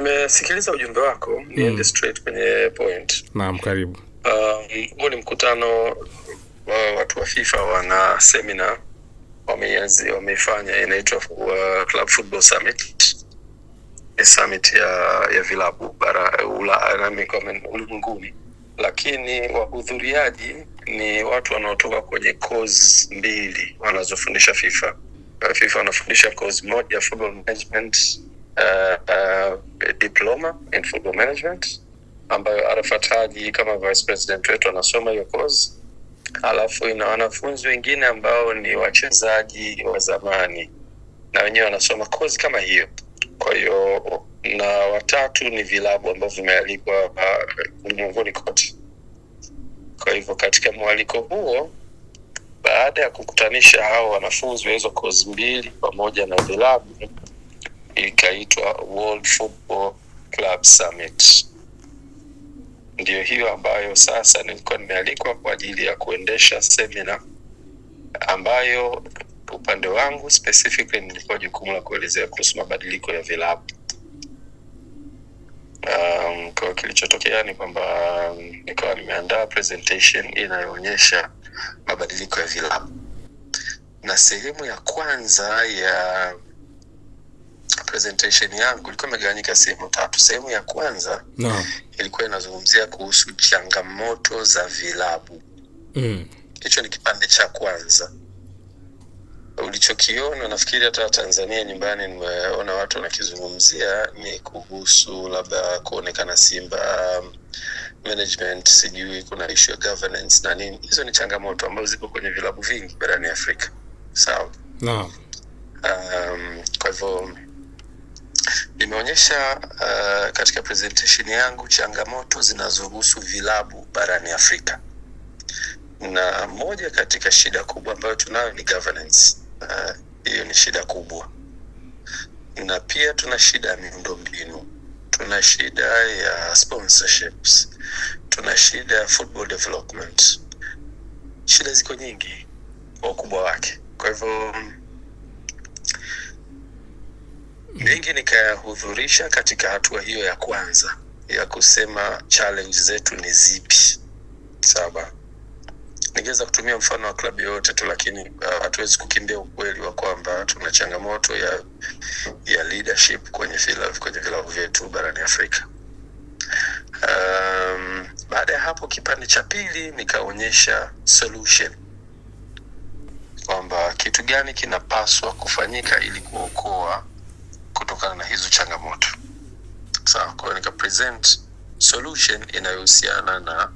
nimesikiliza ujumbe wako niende mm. niende straight kwenye point naam karibu huu um, ni mkutano wa watu wa fifa wana semina wameianzi wameifanya inaitwa uh, club football summit ni summit ya ya vilabu bara ulimwenguni lakini wahudhuriaji ni watu wanaotoka kwenye kozi mbili wanazofundisha fifa uh, fifa wanafundisha kozi moja football management Eh, eh, diploma in football management ambayo arafataji kama vice president wetu anasoma hiyo kozi alafu ina wanafunzi wengine ambao ni wachezaji wa zamani na wenyewe wanasoma kozi kama hiyo kwa hiyo na watatu ni vilabu ambavyo vimealikwa eh, ulimwenguni kote kwa hivyo katika mwaliko huo baada ya kukutanisha hao wanafunzi wa hizo kozi mbili pamoja na vilabu ikaitwa World Football Club Summit. Ndiyo hiyo ambayo sasa nilikuwa nimealikwa kwa ajili ya kuendesha semina ambayo upande wangu specifically nilikuwa jukumu la kuelezea kuhusu mabadiliko ya vilabu. Um, kwa kilichotokea ni kwamba um, nikawa nimeandaa presentation inayoonyesha mabadiliko ya vilabu na sehemu ya kwanza ya presentation yangu ilikuwa imegawanyika sehemu tatu. Sehemu ya kwanza no. ilikuwa inazungumzia kuhusu changamoto za vilabu mm. hicho mm. ni kipande cha kwanza ulichokiona nafikiri hata Tanzania nyumbani nimeona watu wanakizungumzia ni kuhusu labda kuonekana Simba um, management, sijui kuna ishu ya governance na nini. Hizo ni changamoto ambazo zipo kwenye vilabu vingi barani Afrika, sawa? no. Um, kwa hivyo Nimeonyesha uh, katika presentation yangu changamoto zinazohusu vilabu barani Afrika, na moja katika shida kubwa ambayo tunayo ni governance. Eh, hiyo uh, ni shida kubwa, na pia tuna shida ya miundo mbinu tuna shida ya sponsorships, tuna shida ya football development. Shida ziko nyingi kwa ukubwa wake, kwa hivyo mengi nikayahudhurisha katika hatua hiyo ya kwanza ya kusema challenge zetu ni zipi saba ningeweza kutumia mfano wa klabu yoyote tu lakini uh, hatuwezi uh, kukimbia ukweli wa kwamba tuna changamoto ya ya leadership kwenye vilavu kwenye vyetu barani afrika um, baada ya hapo kipande cha pili nikaonyesha solution kwamba kitu gani kinapaswa kufanyika ili kuokoa kutokana na hizo changamoto sawa. Kwa nika present solution inayohusiana na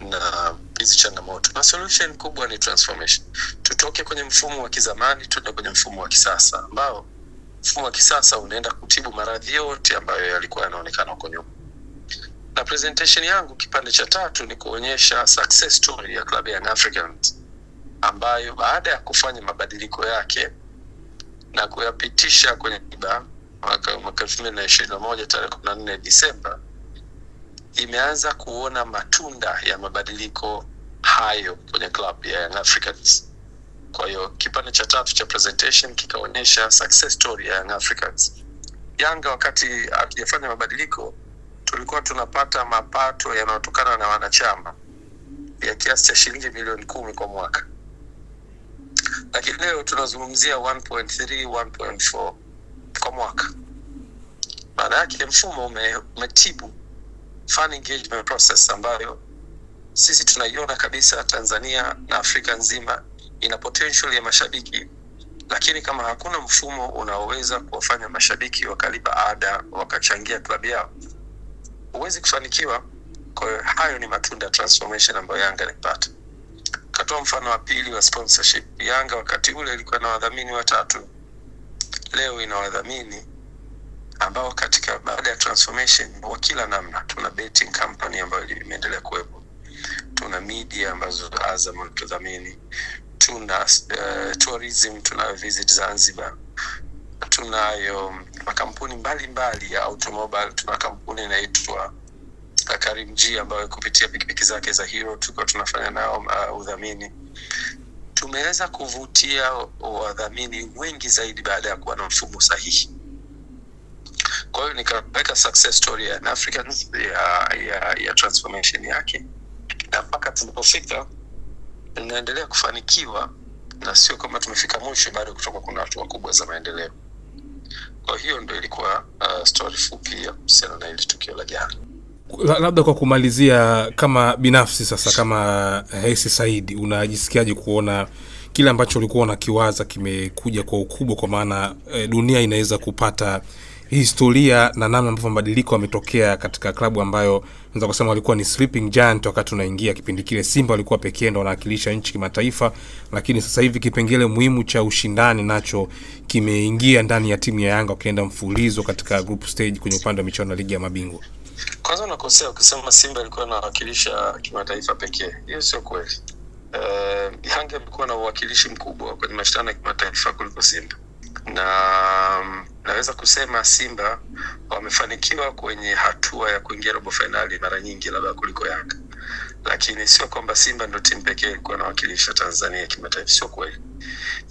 na hizi changamoto, na solution kubwa ni transformation. Tutoke kwenye mfumo wa kizamani tuende kwenye mfumo wa kisasa, ambao mfumo wa kisasa unaenda kutibu maradhi yote ambayo yalikuwa yanaonekana huko nyuma. Na presentation yangu kipande cha tatu ni kuonyesha success story ya Club Young Africans ambayo baada ya kufanya mabadiliko yake na kuyapitisha kwenye katiba mwaka elfu mbili na ishirini na moja tarehe kumi na nne Disemba, imeanza kuona matunda ya mabadiliko hayo kwenye klabu ya Young Africans. Kwa hiyo kipande cha tatu cha presentation kikaonyesha success story ya Young Africans. Yanga wakati akijafanya mabadiliko, tulikuwa tunapata mapato yanayotokana na wanachama ya kiasi cha shilingi milioni kumi kwa mwaka lakini leo tunazungumzia 1.3 1.4 kwa mwaka. Maana yake mfumo umetibu ume ambayo sisi tunaiona kabisa Tanzania na Afrika nzima ina potential ya mashabiki, lakini kama hakuna mfumo unaoweza kuwafanya mashabiki wakalipa ada wakachangia klabu yao, huwezi kufanikiwa. kwahiyo hayo ni matunda ya transformation ambayo Yanga nipata Nitatoa mfano wa pili wa sponsorship. Yanga wakati ule ilikuwa na wadhamini watatu, leo ina wadhamini ambao katika baada ya transformation wa kila namna. Tuna betting company ambayo imeendelea kuwepo, tuna media ambazo Azam wanatudhamini, tuna uh, tourism, tuna visit Zanzibar, tunayo makampuni mbalimbali ya automobile, tuna kampuni inaitwa na Karim G ambayo kupitia pikipiki zake za Hero tuko tunafanya nao uh, udhamini. Tumeweza kuvutia wadhamini wengi zaidi baada ya kuwa na mfumo sahihi. Kwa hiyo nikaweka success story ya Africans ya, ya, ya transformation yake, na mpaka tulipofika inaendelea kufanikiwa, na sio kwamba tumefika mwisho, bado kutoka kuna hatua kubwa za maendeleo. Kwa hiyo ndo ilikuwa uh, story fupi ya kuhusiana na hili tukio la jana labda kwa kumalizia, kama binafsi sasa, kama hesi eh, saidi unajisikiaje kuona kile ambacho ulikuwa unakiwaza kimekuja kwa ukubwa, kwa maana e, dunia inaweza kupata historia na namna ambavyo mabadiliko yametokea katika klabu ambayo naweza kusema walikuwa ni sleeping giant wakati unaingia kipindi kile. Simba walikuwa pekee ndo wanawakilisha nchi kimataifa, lakini sasa hivi kipengele muhimu cha ushindani nacho kimeingia ndani ya timu ya Yanga, wakienda mfulizo katika group stage kwenye upande wa michuano ya ligi ya mabingwa. Kwanza unakosea ukisema Simba ilikuwa inawakilisha kimataifa pekee, hiyo sio kweli. Uh, Yanga amekuwa na uwakilishi mkubwa kwenye mashindano ya kimataifa kuliko Simba na mm, naweza kusema Simba wamefanikiwa kwenye hatua ya kuingia robo fainali mara nyingi labda kuliko Yanga, lakini sio kwamba Simba ndo timu pekee ilikuwa inawakilisha Tanzania kimataifa, sio kweli.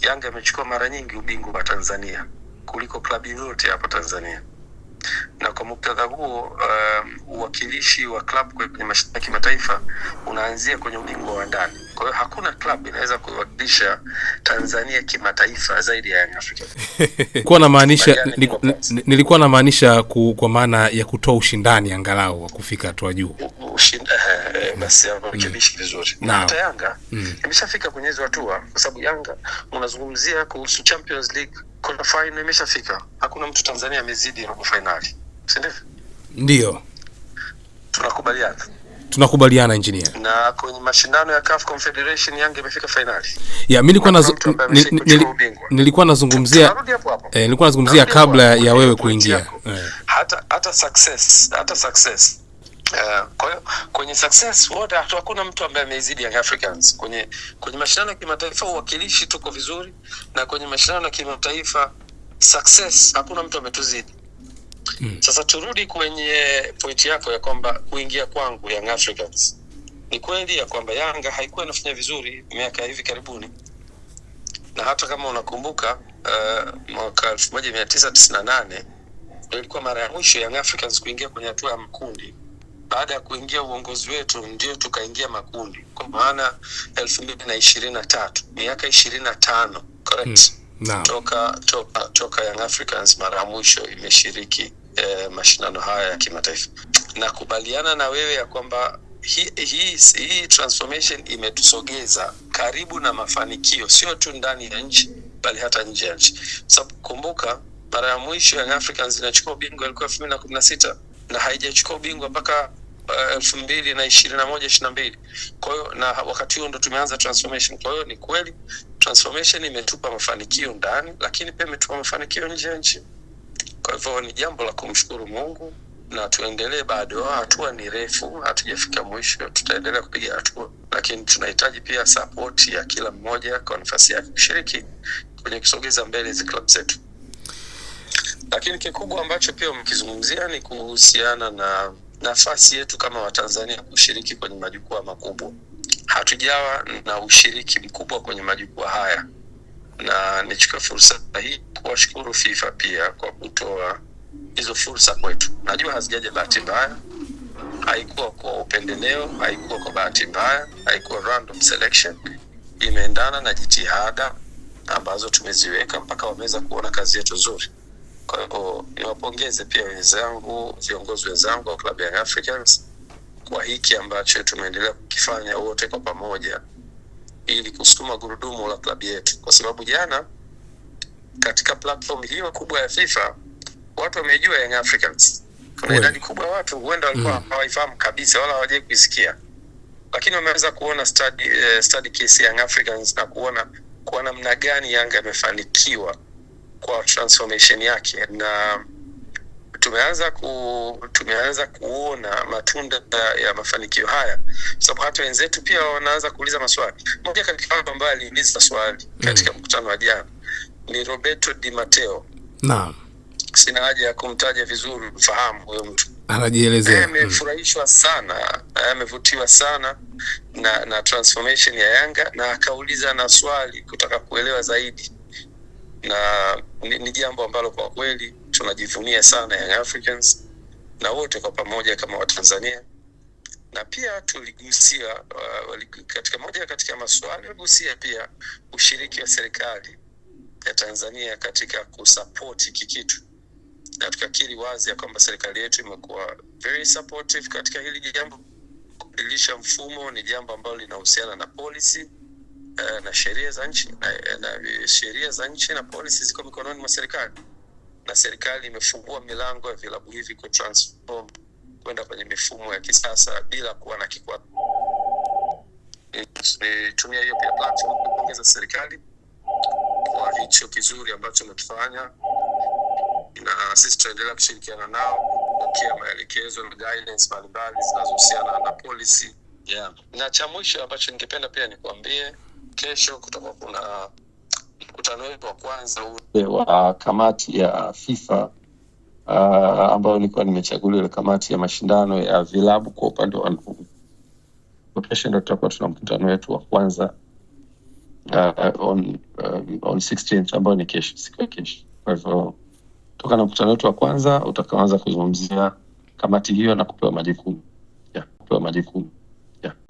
Yanga amechukua mara nyingi ubingwa wa Tanzania kuliko klabu yoyote hapo Tanzania na kwa muktadha huo um, uwakilishi wa klabu kwenye mashindano ya kimataifa unaanzia kwenye ubingwa wa ndani. Kwa hiyo hakuna klabu inaweza kuwakilisha Tanzania kimataifa zaidi ya Young Africans. Nilikuwa namaanisha nilikuwa namaanisha kwa maana ya kutoa ushindani angalau wa kufika hatua juu. Eh, eh, basi hawakibishi mm. vizuri. Hata Yanga mm. imeshafika kwenye hizo hatua, kwa sababu Yanga unazungumzia kuhusu Champions League kuna fainali imeshafika. Hakuna mtu Tanzania amezidi robo fainali, si ndivyo? Ndio, tunakubaliana tunakubaliana engineer. Na kwenye mashindano ya CAF Confederation Yanga imefika fainali. Ya mimi nilikuwa nazo, nilikuwa nazungumzia eh, nilikuwa nazungumzia kabla ya wewe kuingia. Eh. Hata hata success, hata success Eh, kwa hiyo kwenye success wote hakuna mtu ambaye ameizidi Young Africans kwenye kwenye mashindano ya kimataifa. Uwakilishi tuko vizuri, na kwenye mashindano ya kimataifa success hakuna mtu ametuzidi. Hmm. Sasa turudi kwenye pointi yako ya kwamba kuingia kwangu Young Africans, ni kweli ya kwamba Yanga haikuwa inafanya vizuri miaka hivi karibuni, na hata kama unakumbuka uh, mwaka elfu moja mia tisa tisini nane ilikuwa mara ya mwisho Young Africans kuingia kwenye hatua ya makundi baada ya kuingia uongozi wetu ndio tukaingia makundi, kwa maana elfu mbili na ishirini na tatu miaka ishirini na tano hmm, toka, toka, toka Young Africans mara ya mwisho imeshiriki eh, mashindano haya ya kimataifa. Nakubaliana na wewe ya kwamba hii hi, hi transformation imetusogeza karibu na mafanikio, sio tu ndani ya nchi bali hata nje ya nchi, sababu kumbuka mara ya mwisho Young Africans inachukua ubingwa ilikuwa elfu mbili na kumi na sita na haijachukua ubingwa mpaka Eh, elfu mbili na ishirini na moja ishirini na mbili kwa hiyo na wakati huo ndo tumeanza transformation. Kwa hiyo ni kweli transformation imetupa mafanikio ndani, lakini pia imetupa mafanikio nje ya nchi. Kwa hivyo ni jambo la kumshukuru Mungu na tuendelee bado. Hatua ni refu, hatujafika mwisho, tutaendelea kupiga hatua, lakini tunahitaji pia sapoti ya kila mmoja kwa nafasi yake kushiriki kwenye kusogeza mbele hizi klabu zetu. Lakini kikubwa ambacho pia umekizungumzia ni kuhusiana na nafasi yetu kama Watanzania kushiriki kwenye majukwaa makubwa. Hatujawa na ushiriki mkubwa kwenye majukwaa haya, na nichukue fursa hii kuwashukuru FIFA pia kwa kutoa hizo fursa kwetu. Najua hazijaja bahati mbaya, haikuwa kwa upendeleo, haikuwa kwa bahati mbaya, haikuwa random selection, imeendana na jitihada ambazo tumeziweka mpaka wameweza kuona kazi yetu nzuri. Kwa hivyo niwapongeze pia wenzangu, viongozi wenzangu wa klabu ya Africans kwa hiki ambacho tumeendelea kukifanya wote kwa pamoja ili kusukuma gurudumu la klabu yetu, kwa sababu jana katika platform hiyo kubwa ya FIFA watu wamejua Young Africans. Kuna idadi kubwa ya watu huenda walikuwa mm. hawaifahamu kabisa wala hawajai kuisikia, lakini wameweza kuona study, uh, study case Young Africans na kuona kwa namna gani Yanga amefanikiwa kwa transformation yake na tumeanza ku, tumeanza kuona matunda ya mafanikio haya sababu hata wenzetu pia wanaanza kuuliza maswali. Moja katika watu ambaye aliuliza swali katika mm. mkutano wa jana ni Roberto Di Matteo. Naam, sina haja ya kumtaja vizuri, mfahamu huyo mtu, anajielezea. Mm. Amefurahishwa sana, amevutiwa sana na, na transformation ya Yanga na akauliza na swali kutaka kuelewa zaidi na ni jambo ambalo kwa kweli tunajivunia sana Young Africans na wote kwa pamoja kama Watanzania, na pia tuligusia uh, katika moja katika maswali tuligusia pia ushiriki wa serikali ya Tanzania katika kusupport hiki kitu, na tukakiri wazi ya kwamba serikali yetu imekuwa very supportive katika hili jambo. Kubadilisha mfumo ni jambo ambalo linahusiana na policy Eh, na sheria za nchi na, eh, na sheria za nchi na polisi ziko mikononi mwa serikali na serikali imefungua milango ya vilabu hivi ku transform kwenda kwenye mifumo ya kisasa bila kuwa na kikwazo. Nitumia hiyo pia platform kupongeza serikali kwa hicho kizuri ambacho umekifanya, na sisi tutaendelea kushirikiana nao kupokea maelekezo na guidance mbalimbali zinazohusiana na policy yeah. Na cha mwisho ambacho ningependa pia nikuambie kesho kutakuwa kuna mkutano wetu wa kwanza ule eh, wa kamati ya FIFA uh, ambayo nilikuwa nimechaguliwa ile kamati ya mashindano ya vilabu kwa upande wa ndugu Kesho ndo tutakuwa tuna mkutano wetu wa kwanza uh, on, uh, on 16th ambayo ni kesho, siku ya kesho. Kwa hivyo toka na mkutano wetu wa kwanza utakaanza kuzungumzia kamati hiyo na kupewa majukumu yeah, kupewa majukumu